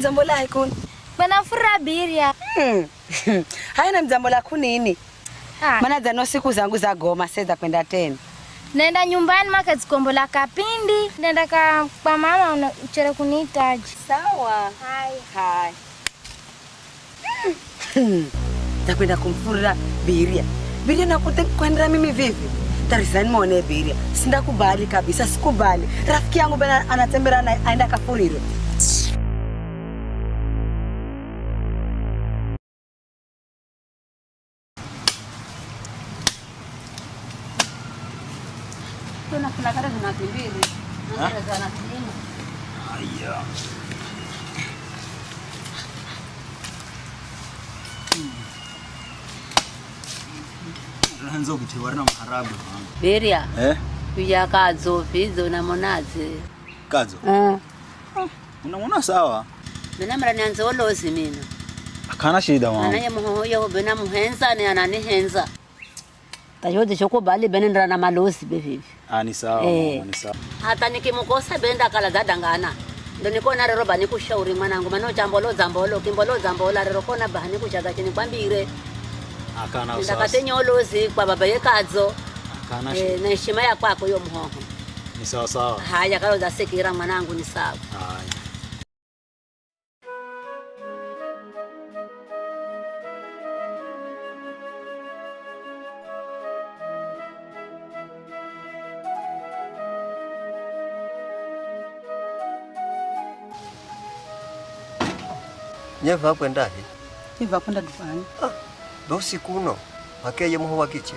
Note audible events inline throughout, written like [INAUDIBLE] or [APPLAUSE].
dzambo lako fura biria hmm. [LAUGHS] haina mdzambo lako nini? Maana zano siku zangu za goma seza kwenda tena naenda nyumbani maka zikombo la kapindi naenda ka kwa mama uchere kunihitaji sawa. Hai. Hai. Hmm. takwenda [CLEARS THROAT] kumfura Biria. Biria nakute kwenda mimi vivi? Tarisani mwone Biria, sindakubali kabisa, sikubali. Rafiki yangu bena anatembera na aenda kafurire Yeah. Ranzo kuti warina muharabu. Beria. Eh? Kuja kazo fizo na monazi. Kazo? Eh. Unamwona sawa? Mina mara nianze olozi mina. Akana shida mama. Anaye muhoyo bena muhenza ni ananihenza. Tayote choko bali bena ndana malosi bevivi. Ah ni sawa, eh. Mama, sawa. Hata nikimukosa benda kala dadangana ndo nikona rero kushauri mwanangu mano kimbo lo jambo lo rero kona bahanikuchaza chini kwambire ndakatenyolozi kwa baba yekadzo e, eh, na heshima yakwako yo muhoho ni sawa sawa haya za sekira mwanangu ni sawa Nyeva akwendaje? Nyeva kwenda dukani. Ah, bosi kuno akeye muho wakiche.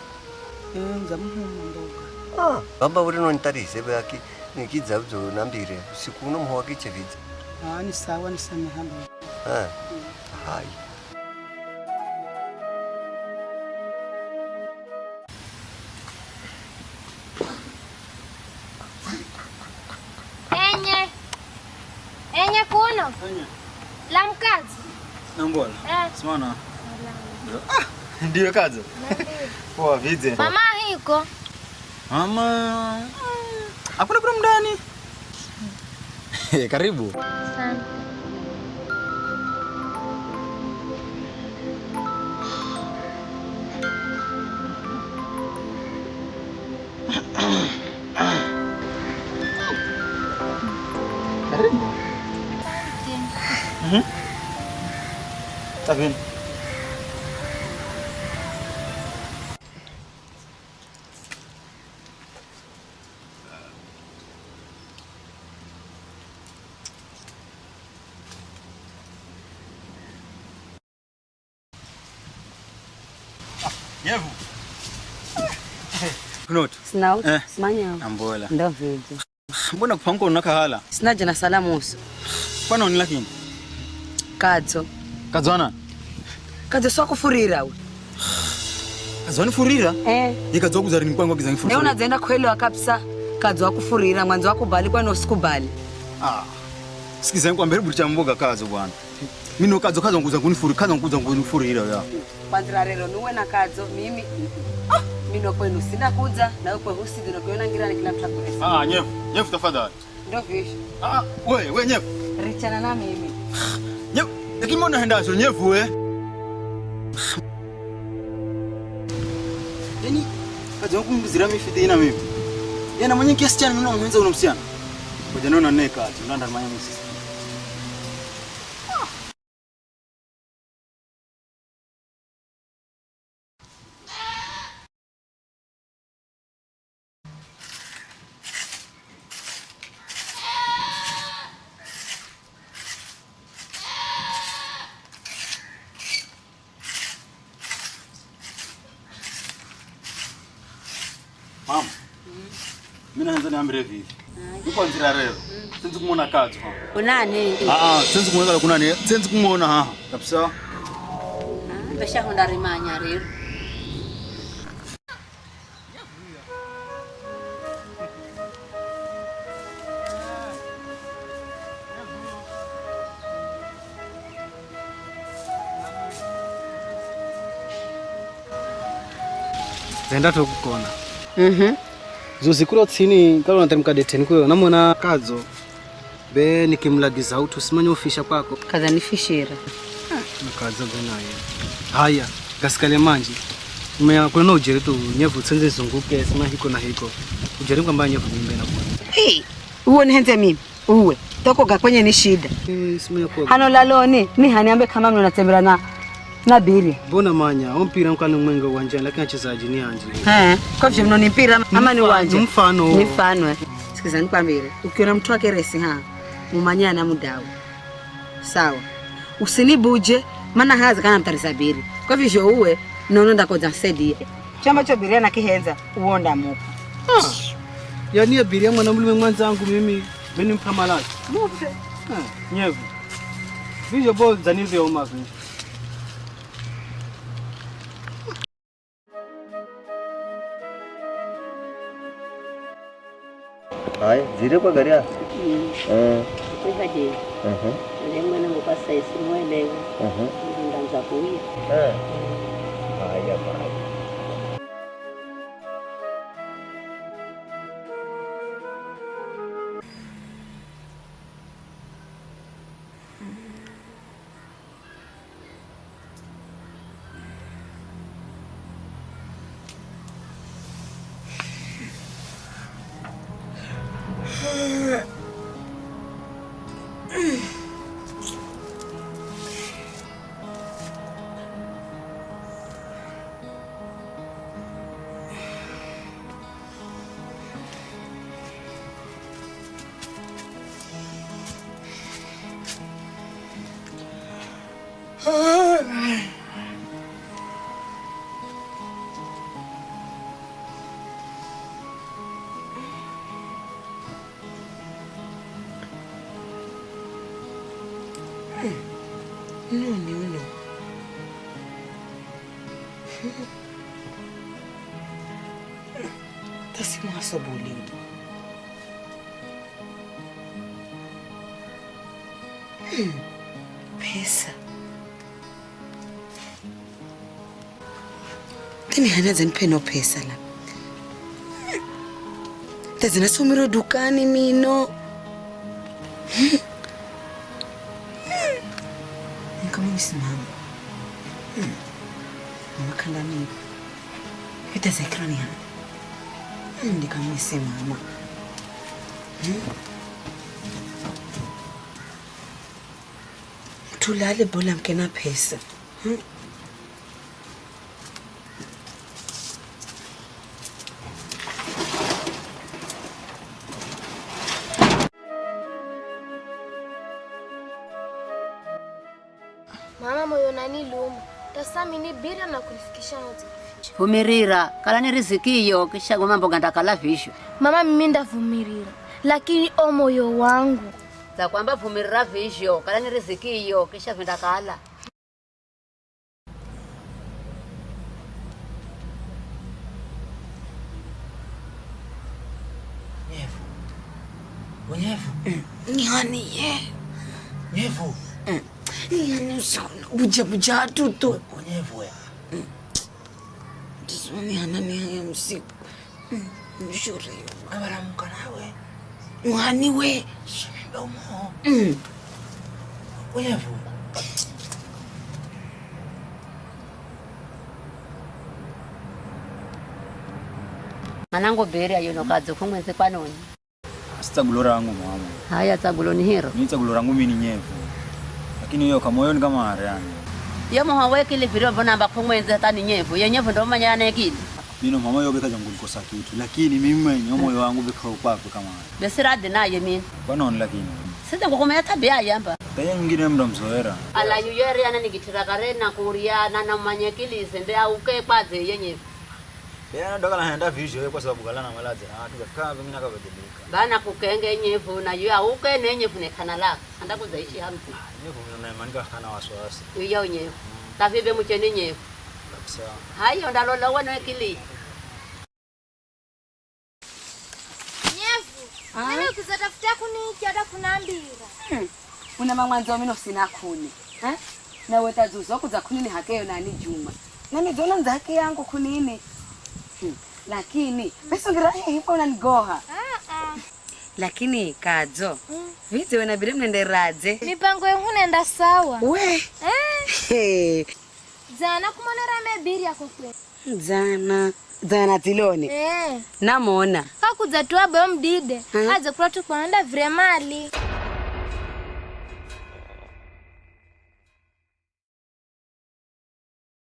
Nza eh, muho mboga. Ah, bamba uri nitarise baki nikiza nambire usiku no muho wakiche ah, ni sawa ni same eh, mm. Hai. Enye. Enye kuno. Enye. La mkazo. Na mbona? Eh. Simona. Ah, ndio Poa Mama hiko Mama. Ah, hakuna kuna mdani. [LAUGHS] Eh, karibu. Asante. [CLEARS THROAT] Mhm. Takin. Eh. Mbona kupanguka unakahala? Sina jana salamu uso. Kwani unilakini? kadzo kadzwana kadzo swakufurira we kadzwani furira eh. yekadzo wakuzari nikwangwakizanifurira unadzaenda kwelewa kapisa kadzo wakufurira e, mwanzi wakubhali kwano sikubhali ah. sikizani kwamberi buri chamboga kadzo bwana mino kadzo kadzanguza kunifuri kadzanguza kunifurira ya kwanzira rero nuwe na kadzo mimi ah, mino kwenu sina kudza nawe kwehusidi nokuonangirani kila mtakurisa ah, nyevu nyevu tafadhali ndovisho ah, we we nyevu richana na mimi lakini mbona unaenda sonyevu we? Yaani kazi yangu mzira mimi fiti ina mimi. Yana mwenye kiasi cha neno mwenza unamsiana. Kwa jana na neka, tunaenda maana sisi. Minaanza niambire vivi. Yuko nzira leo. Sinzi kumuona kazi hapo. Unani? Ah ah, sinzi kumuona kala kunani. Sinzi kumuona ha. Kabisa. Besha honda rimanya leo. Zenda Mhm. Mm zuzikura tsini kala unateremka deteni kweyo namwona kadzo be nikimlagiza utu simanya ufisha kwako kazanifishira kaza benaye haya gasikale manji mea kuna ujeri tu nyevu tsenze zunguke sima hiko na hiko ujeri kwamba nyevu nimbe na kwa hii uwe nihenze mimi uwe toko kakwenye ni shida hey, eh, hano laloni ni haniambe kama mnatembea na Nabiri. Mbona manya o ompira nkani mwenga uwanjani lakini achezaji ni anje. Eh, kwa mno ni mpira ama ni uwanja. mfano. Ni mfano. Eh. Sikiza nikwambie. Ukiona mtu wake resi ha, mumanya na mdau. Sawa. Usinibuje maana haza kana mtarisa bili Kwa hivyo uwe nono ndakoza sedi. Chama cha biria na kihenza uonda muko. Ah. Yaani abiria mwana mlume mwanzangu mimi mimi mpa malaki. Mupe. Ah, nyevu. bo zanizi ya umavu. Haya, zire kwa garia. Mm. Eh. Kuhaje. Mhm. Ile mwana ngopasa isimuelewe. Mhm. Ndanza kuya. Eh. Haya, Uno ni uno. Tasimwaso buli. Hmm. Pesa. Tani hana nipe no pesa la. sumiro dukani mino. Umejisimama amakandamivu vitezekirani hapa ndikamesimama tulale bola mkena pesa hmm. mama moyo nani luma tasamini bira na kulifikisha nje vumirira kala ni riziki iyo kishago mambo gandakala visho mama mimi ndavumirira lakini o moyo wangu za kwamba vumirira visho kala ni riziki iyo kisha vindakala nyevu unyevu nihani ye nyevu bujabuja tu mm. msiku mm, abaramuka nawe mwani we mm. manango beri ayono kadzi kumwenzi kwanoni asi tsagulo rangu mwamu haya tsagulo ni hero ni tsagulo rangu mini nyevu lakini hiyo kamoyoni kama aryani yomohowekile virovo namba kumwenza tani nyevu nyevu ndo manya kini mino mama yobeka jangu liko sakitu lakini mimi mwenye moyo wangu bika kwako kama besira adina ye naye mimi banon lakini sasa ngukumea tabia yamba taya ngine mda mzoera ala yuyeri ana nigitiragare na kuriana na manyekilise ndeauke kwaze yenyevu Yeah, ndo kana henda visho kwa sababu kalana malazi na watu kafika mimi na nakabadilika. Bana kukenge nyevu na yua uke ne nyevu ne kana la. Anda zaishi hamtu. Ah, nyevu na manika kana wasiwasi. Yua nyevu. Tafibe Tavibe mcheni nyevu. Kabisa. Hayo ndalo lawa na kili. Nyevu. Ah. Mimi kuzatafuta kuni hata kuna mbira. Hmm. Una mamwanzo mimi sina kuni. Eh? Na wetazuzo zuzo kuza kuni ni hakeyo nani Juma. Na mizona nzake yangu kunini lakini lakini pesongeraipa unanigoha ah, ah. lakini kadzo mm. vite wena bire radze mipango yehunenda sawa we eh. kumona rame biri yako kwe zana zana tiloni eh. namona kakudza tuwaboyo mdide adze kula tukonanda vire mali